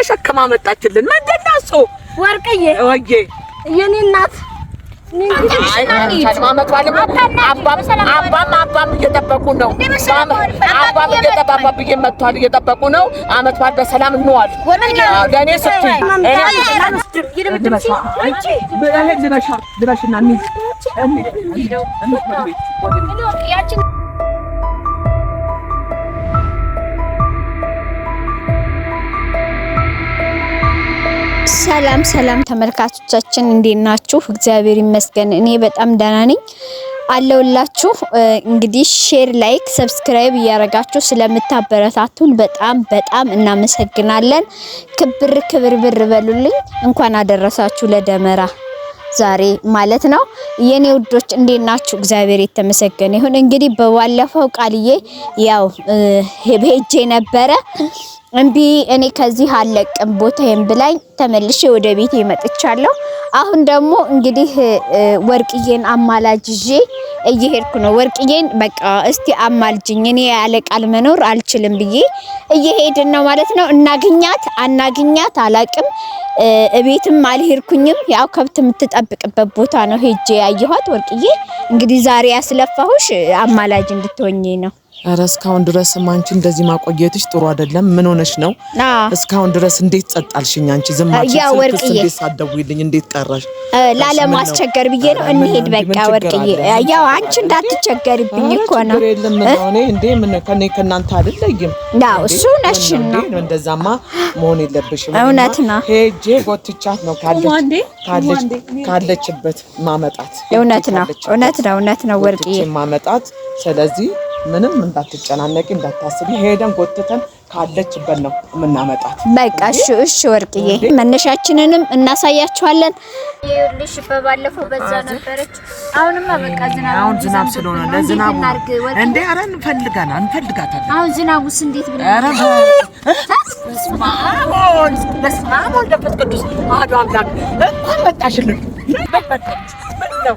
ተሸክማ መጣችልን። ምንድን ነው እሱ? ወርቅዬ ወዬ የኔ እናት እየጠበቁ ነው። አመት በዓል በሰላም እንዋል። ለእኔ ስትይ ልበሽና ሰላም ሰላም ተመልካቾቻችን እንዴት ናችሁ? እግዚአብሔር ይመስገን እኔ በጣም ደህና ነኝ አለውላችሁ። እንግዲህ ሼር፣ ላይክ፣ ሰብስክራይብ እያረጋችሁ ስለምታበረታቱን በጣም በጣም እናመሰግናለን። ክብር ክብር ብር በሉልኝ። እንኳን አደረሳችሁ ለደመራ ዛሬ ማለት ነው። የኔ ውዶች እንዴት ናችሁ? እግዚአብሔር የተመሰገነ ይሁን። እንግዲህ በባለፈው ቃልዬ ያው ሄጄ ነበረ እምቢ እኔ ከዚህ አለቅም ቦታዬን ብላኝ ተመልሼ ወደ ቤቴ መጥቻለሁ። አሁን ደግሞ እንግዲህ ወርቅዬን አማላጅ ይዤ እየሄድኩ ነው። ወርቅዬን በቃ እስቲ አማልጅኝ እኔ ያለ ቃል መኖር አልችልም ብዬ እየሄድን ነው ማለት ነው። እናግኛት አናግኛት አላቅም። እቤትም አልሄድኩኝም። ያው ከብት የምትጠብቅበት ቦታ ነው ሄጄ ያየኋት። ወርቅዬ እንግዲህ ዛሬ ያስለፋሁሽ አማላጅ እንድትሆኝ ነው። ኧረ እስካሁን ድረስ አንቺ እንደዚህ ማቆየትሽ ጥሩ አይደለም። ምን ሆነሽ ነው? እስካሁን ድረስ እንዴት ጸጥ አንቺ ዝም አልሽ። እንዴት ሳትደውይልኝ እንዴት ቀራሽ? ላለማስቸገር ብዬ ነው። እንሄድ በቃ ወርቅዬ። ያው አንቺ እንዳትቸገርብኝ እኮ ነው። የለም እኔ እንዴ ምን ከኔ ከናንተ አይደለም። ያው እሱ ነሽ ነው። እንደዛማ መሆን የለብሽም። እውነት ነው። ሄጄ ጎትቻት ነው ካለች ካለችበት ማመጣት። እውነት ነው። እውነት ነው። እውነት ነው ወርቅዬ ማመጣት። ስለዚህ ምንም እንዳትጨናነቂ እንዳታስቢ፣ ሄደን ጎትተን ካለችበት ነው የምናመጣት። በቃ እሺ፣ እሺ ወርቅዬ፣ መነሻችንንም እናሳያችኋለን። ይኸውልሽ በባለፈው በዛ ነበረች። አሁንማ በቃ ዝናብ አሁን ዝናብ ስለሆነ ለዝናቡ እንዴ! ኧረ እንፈልጋለን እንፈልጋታለን። አሁን ዝናቡስ እንዴት ብለ ኧረ በስመ አብ ወወልድ በስመ አብ ወወልድ ወመንፈስ ቅዱስ አሐዱ አምላክ እንኳን መጣሽልን። በቃ ነው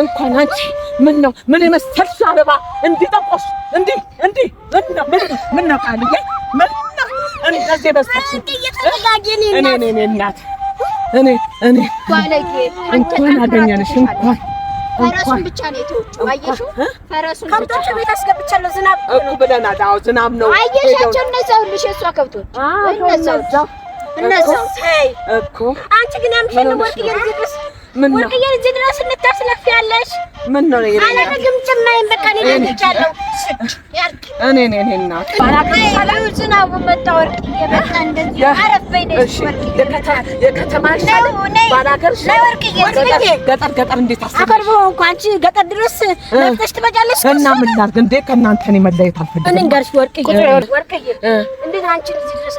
እንኳን አንቺ ምን ነው ምን የመሰልሽ አበባ እንዲጠቆስ እንዲህ እንዲህ ምን ነው ምን ምን ነው ይሄ ምን ነው እንደዚህ በስተሽ እኔ እኔ እኔ እናት እኔ እኔ እንኳን አገኘንሽ እንኳን ፈረሱን ብቻ ነው የተወችው። አየሽው? ፈረሱን ብቻ ከብቶች ቤት አስገብቻለሁ። ዝናብ እኮ ብለናል። አዎ ዝናብ ነው። አየሻቸው? እነዚያውልሽ የእሷ ከብቶች እነዚያው እነዚያው እኮ አንቺ ግን ያምሽን ወርቅ የዚህ ድረስ ምን ነው እዚህ ድረስ እንታስለፊያለሽ? ምን ነው ነው አላደርግም። በቃ እኔ ለምቻለሁ። እኔ እኔ እኔ እናት ዝናቡ መጣ። ወርቅዬ፣ በቃ እንደዚህ አረፍ በይ ነይ። የከተማ ይሻላል ባላገር ገጠር ገጠር እንዴት አሰብሽ? አፈር እንኳን አንቺ ገጠር ድረስ ለፍተሽ ትመጫለሽ። እና ምን ላድርግ እንዴ? ከእናንተ እኔ መለየት አልፈልግም። እኔ እንገርሽ ወርቅዬ፣ ወርቅዬ፣ እንዴት እዚህ ድረስ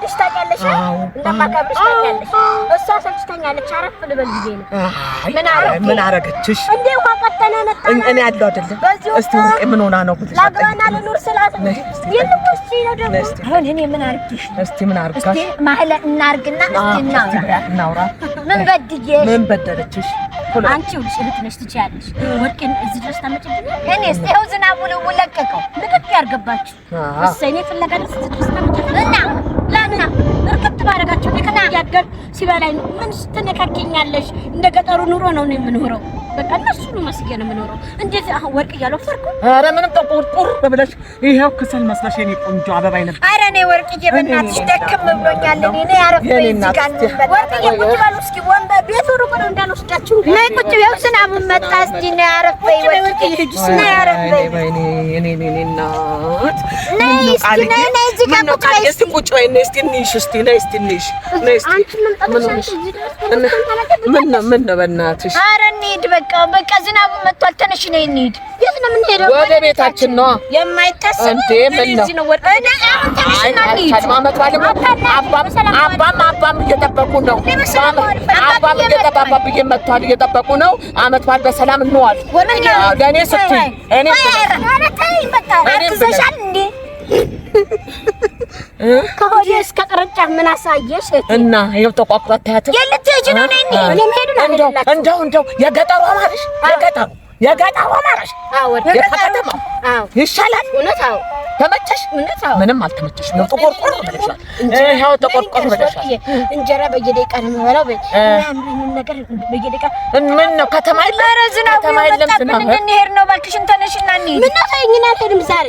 እንደምወድሽ ታውቂያለሽ፣ እንደማከብርሽ ታውቂያለሽ። እሷ ሰልችተኛለች። አረፍ ልበል ብዬ ነው። ምን አረገችሽ እንዴ? ውሃ ቀጠነ ነጣ እኔ ያለው አይደለም። እስቲ ውጤ ምን ሆና ነው? ላገባና ልኑር ስላት ይልቁስ ነው ደግሞ አሁን እኔ ምን አርግሽ? እስቲ ምን አርጋሽ? ማህለ እናርግና እስቲ እናውራ። ምን በድዬሽ? ምን በደለችሽ? አንቺ ውልሽ እህት ነሽ ትችያለሽ። ወርቄን እዚህ ድረስ ታመጭብኝ። እኔስ ይኸው ዝናቡ ነው ለቀቀው። ልቅቅ ያርገባችሁ። እሰይ እኔ ፍለጋ ደስ ስትስተምጭ እና ላምና እርክት ባደረጋቸው ያገር ሲበላይ ነው። ምን ስትነካኪኛለሽ? እንደ ገጠሩ ኑሮ ነው ነው የምኖረው። በቃ እነሱ ነው ነው የምኖረው። እንዴት አሁን ወርቅ እያለው ፈርኩ። አረ ምንም ቁር ብለሽ ይሄው ክሰል መስላሽ የኔ ቆንጆ አበባ አይነት። አረ እኔ ወርቅዬ በእናትሽ ደክም ብሎኛል። እኔ እኔ ያረፈኝ ጋር ወርቅዬ ቁጭ በሉ እስኪ ወንበር ቤቱ ሩቅ ነው እንዳልወስዳችሁ። ነይ ቁጭ በይው። ዝናቡ መጣ። እስኪ ነይ ያረፈኝ ወርቅዬ እኔ ያረፈኝ። ነይ እስኪ ነይ ነይ እዚህ ጋር ቁጭ በይ እስኪ ቁጭ በይ ነይ እስኪ እንይሽ እስቲ ነይ እስቲ እንሂድ። ነይ እስቲ ምን ነው ምን ነው በእናትሽ። ኧረ እንሂድ በቃ በቃ ዝናቡ መጥቷል ተነሽ ነይ እንሂድ። የት ነው የምንሄደው? ወደ ቤታችን ነው የማይታሰብ እንዴ። ምን ነው አባም አባም እየጠበቁ ነው። አባም እየጠባባብ መጥቷል እየጠበቁ ነው። አመት በዓል በሰላም እንዋል። ለእኔ ስትይ እኔ ከሆዴ እስከ ቅርንጫፍ ምን አሳየሽ? እና ይኸው ተቋቁራ ታያትም የልትሄጂ ነው? ነኝ መሄዱን ነው እንደው እንደው እንደው የገጠሩ አማረሽ፣ የገጠሩ የገጠሩ አማረሽ። አዎ የከተማ ይሻላል። እውነት? አዎ ተመቸሽ? እውነት? አዎ ምንም አልተመቸሽም። ነው ተቆርቆር ብለሻል። ይኸው ተቆርቆር ብለሻል። እንጀራ በየደቂቃ ነው የምበላው። በይ ነገር በየደቂቃ ምን ነው ከተማ የለም፣ ከተማ የለም። ዝናብ እንሄድ ነው። እባክሽን ተነሽና እንሂድ። ምን ነው ታይኝና አልሄድም ዛሬ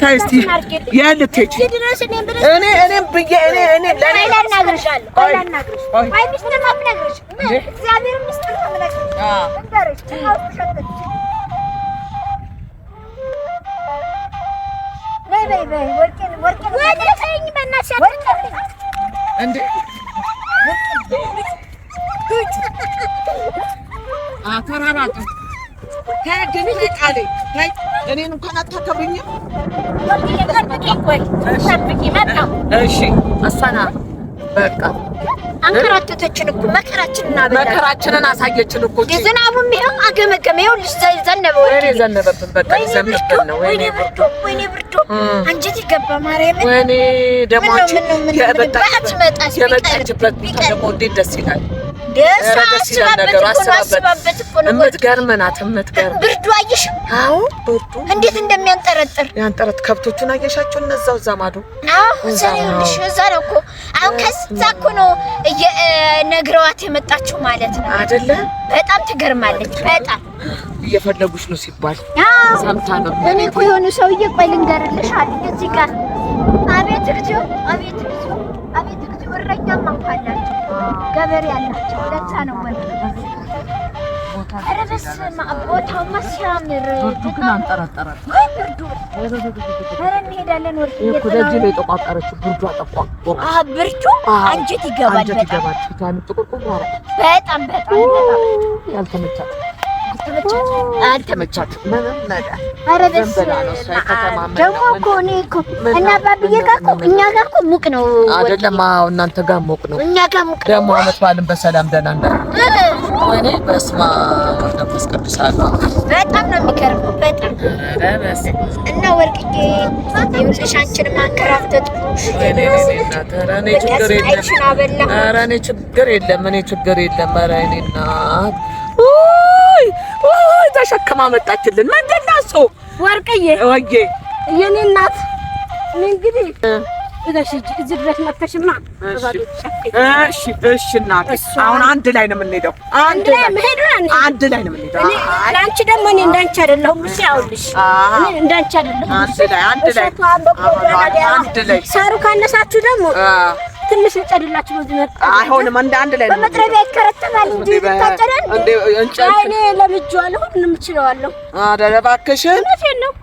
تايستي يانا تيجي انا انا بيجي انا انا لا لا لا نغرش لا نغرش هاي مش ما بنغرش እግዚአብሔር ምስጥር ነው የምነግርሽ ንገርሽ እናውቅሻለች በይ በይ በይ ወርቄን ወርቄን ወደ ተይኝ በእናትሽ እንዴ አተራባቀ ከግቢ ቃሌ እኔን እንኳን አታከብሪኝም። እሺ እሷና በቃ አንከራተተችን እኮ መከራችንን መከራችንን አሳየችን እኮ ዝናቡም ይኸው አገመገመ። ይኸውልሽ ዘነበ ወይኔ ዘነበብን። በቃ ዘነበብን ነው። ወይኔ ብርዱ፣ ወይኔ ብርዱ አንጀት ይገባ። ማርያምን ወይኔ ደሞ የመጣችበት ደግሞ እንዴት ደስ ይላል። የምትገርም የምትገርም ብርዱ አየሽ? አዎ ብርዱ እንዴት እንደሚያንጠረጥር ያንጠረት። ከብቶቹን አየሻቸው? እነዛው እዛ ማዶ እዛ ነው እኮ አሁን ከዛ እኮ ነው ነግረዋት የመጣችው ማለት ነው አይደለ? በጣም ትገርማለች። በጣም እየፈለጉሽ ነው ሲባል ሰምታ ነው። እኔ እኮ የሆኑ ሰውዬ ቆይ ልንገርልሽ አለኝ እዚህ ጋር አቤት እግዚኦ፣ አቤት እግዚኦ አቤት ጊዜ እረኛ ማንካላችሁ ገበሬ ያላቸው ለዛ ነው ወንድ ረበስ ቦታውማ ሲያምር ብርዱ ግን አንጠራጠራል። እንሄዳለን። ወርቅ ደጅ ላይ ጠቋጠረችው። ብርዱ አጠቋ ብርዱ አንጀት ይገባል። በጣም በጣም በጣም ያልተመቻት አልተመቻችም። ምንም ነገር እና ባብዬ እኛ ሙቅ ነው አይደለም? እናንተ ጋር ሙቅ ነው፣ እኛ ጋር ሙቅ ነው። ደግሞ አመት በዓልን በሰላም ደህና እንዳለ በስመ አብ መንፈስ ቅዱስ አለ። በጣም ነው የሚገርመው። በጣም እና ወርቅዬ ይኸውልሽ፣ አንቺንም አንከራተት ችግር የለም። እኔ ችግር የለም። ኧረ እኔ እናት ውይ ውይ ተሸክማ መጣችልን። ምንድን ነው እሱ? ወርቅዬ ወዬ የኔ እናት እንግዲህ እዚህ ድረስ መተሽማ እሺ እሺ አሁን አንድ ላይ ነው የምንሄደው። አንድ ላይ አንድ ላይ ነው የምንሄደው። ለአንቺ ደግሞ እኔ እንዳንቺ አይደለሁም። እሺ እኔ እንዳንቺ አይደለሁም። አንድ ላይ አንድ ላይ ሳሩ ካነሳችሁ ደግሞ ትንሽ እንጨድላችሁ በዚህ መጣ አይሆንም። አንድ ላይ ነው በመጥረቢያ ይከረተማል እንጂ እንዴ? እንጨት አይኔ እችለዋለሁ። ነው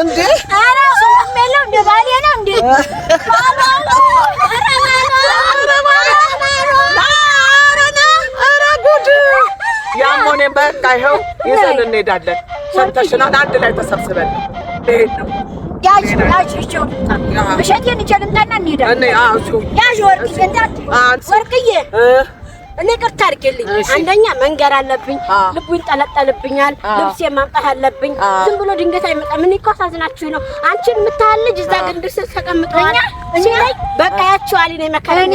እንዴ ኧረ እሱም የለም እንደ ባሌ ነው እንዴ እንሄዳለን ሰምተሽናል አንድ ላይ ተሰብስበን ነው ያዥ ያዥ ይዤው እንሄዳለን ያዥ ወርቅዬ እንዳትዪ ወርቅዬ እኔ ቅርታ አድርጌልኝ። አንደኛ መንገር አለብኝ፣ ልቡ ይንጠለጠልብኛል፣ ልብሴ ማምጣት አለብኝ። ዝም ብሎ ድንገት አይመጣም። እኔ እኮ አሳዝናችሁ ነው። አንቺን የምታህል ልጅ እዛ ግንድር ስር ተቀምጠዋል። እኔ ላይ በቃ ያችኋል። እኔ መካከል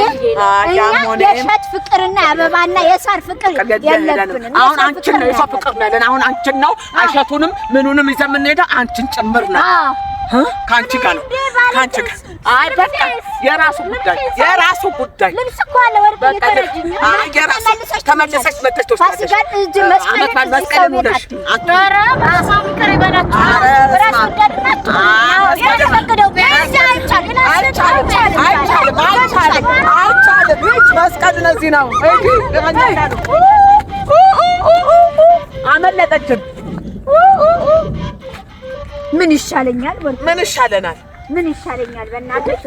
የእሸት ፍቅርና የአበባና የሳር ፍቅር የለብንም። አሁን አንቺን ነው የሰው ፍቅር ነው ያለን። አሁን አንቺን ነው እሸቱንም ምኑንም ይዘን የምንሄደው አንቺን ጭምር ነው ከአንቺ ጋር ነው ከአንቺ ጋር። አይ በቃ የራሱ ጉዳይ የራሱ ጉዳይ። ልብስ እኮ አለ ወርቅ ይፈረጅኝ። የራሱ ተመለሰች መጥተሽ ትወስዳለሽ። አመት በዓል መስቀልም ሆነሽ ኧረ በራሳው ይቅር ይበላችሁ። ራስ ጉዳይ የተፈቀደው አይቻልም፣ አይቻልም፣ አይቻልም፣ ይህች መስቀል ለዚህ ነው እንጂ ምን ይሻለኛል? ምን ይሻለናል? ምን ይሻለኛል? በእናትሽ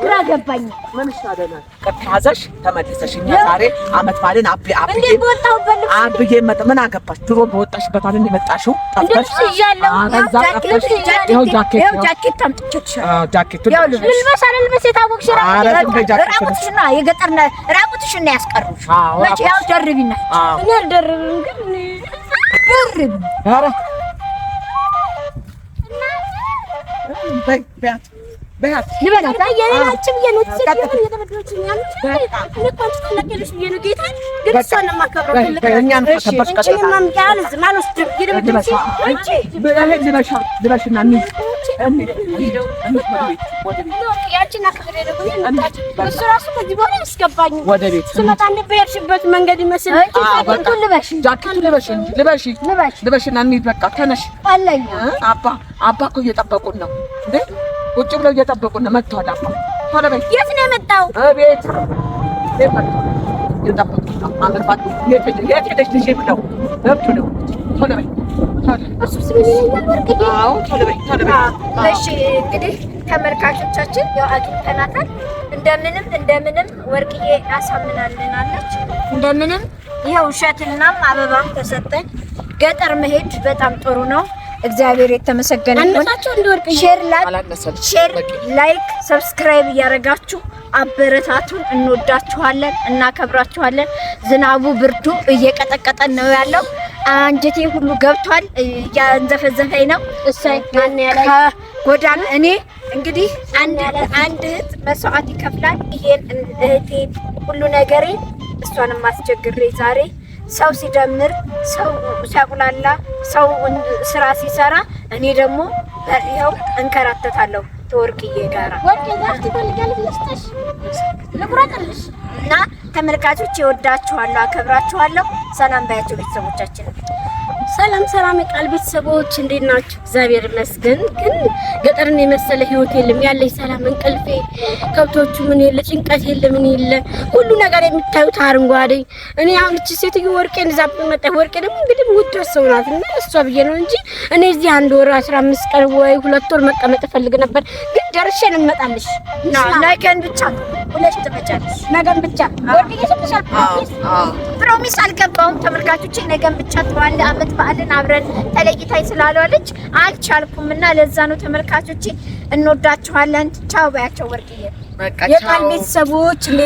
ግራ ገባኝ። ምን ይሻለናል? ከተያዘሽ ተመልሰሽ እኛ ዛሬ አመት ባልን አብ አብዬ አብዬ መጣ። ምን አገባሽ? ድሮ በወጣሽበት አለን የመጣሽው ጠፍተሽ እያለው አዛ ጠፍተሽ ይኸው ጃኬት ይኸው ጃኬት ታምጥቼሽ ጃኬት ልልበስ አልልበስ የታወቅሽ ራቁትሽና የገጠርና ራቁትሽና ያስቀሩሽ መቼ ያው ደርቢና እኔ አልደርብም ግን ደርቢ በያት ወደ ቤት ስመጣ የሄድሽበት መንገድ ይመስል ጃኬቱን ልበሽ ልበሽና እንሂድ። በቃ ተነሽ። አባ አባ እኮ እየጠበቁን ነው። ቁጭ ብለው እየጠበቁን ነው። መጥተዋል አባ። የት ነው የመጣው? እንግዲህ ተመልካቾቻችን ያው አግኝተናታል። እንደምንም እንደምንም ወርቅዬ አሳምናልናለች። እንደምንም ይኸው እሸትናም አበባም ተሰጠኝ። ገጠር መሄድ በጣም ጥሩ ነው። እግዚአብሔር የተመሰገነ ይሁን። ሼር ላይክ፣ ሰብስክራይብ እያደረጋችሁ አበረታቱን። እንወዳችኋለን፣ እናከብራችኋለን። ዝናቡ ብርዱ እየቀጠቀጠን ነው ያለው። አንጀቴ ሁሉ ገብቷል፣ እያንዘፈዘፈኝ ነው። እሰይ ማን ያለ ጎዳና እኔ እንግዲህ አንድ አንድ እህት መስዋዕት ይከፍላል። ይሄን እህቴ ሁሉ ነገሬ እሷንም ማስቸግሬ ዛሬ ሰው ሲደምር ሰው ሲያቁላላ ሰው ስራ ሲሰራ እኔ ደግሞ ይኸው እንከራተታለሁ። ከወርቅዬ ጋራ እና ተመልካቾች የወዳችኋለሁ፣ አከብራችኋለሁ። ሰላም ባያቸው ቤተሰቦቻችን ሰላም ሰላም የቃል ቤተሰቦች እንዴት ናችሁ? እግዚአብሔር ይመስገን። ግን ገጠርን የመሰለ ህይወት የለም። ያለኝ ሰላም እንቅልፌ፣ ከብቶቹ ምን የለ፣ ጭንቀት የለ፣ ምን የለ፣ ሁሉ ነገር የምታዩት አረንጓዴ። እኔ አሁን እቺ ሴትዮ ወርቄን እዛ መጣ። ወርቄ ደግሞ እንግዲህ ውድ ሰው ናት እና እሷ ብዬ ነው እንጂ እኔ እዚህ አንድ ወር አስራ አምስት ቀን ወይ ሁለት ወር መቀመጥ እፈልግ ነበር ግን ደርሼ እንመጣለሽ። ነገን ብቻ ሁለሽ ትመጫለሽ። ነገን ብቻ ወርድዬ ሰጥሻል። ፕሮሚስ ፕሮሚስ አልገባሁም። ተመልካቾች ነገን ብቻ ተዋለ አመት በዓልን አብረን ተለይታይ ስላለዋለች አልቻልኩም እና ለዛ ነው ተመልካቾች፣ እንወዳችኋለን። ቻው ባያቸው ወርድዬ፣ የቃል ቤተሰቦች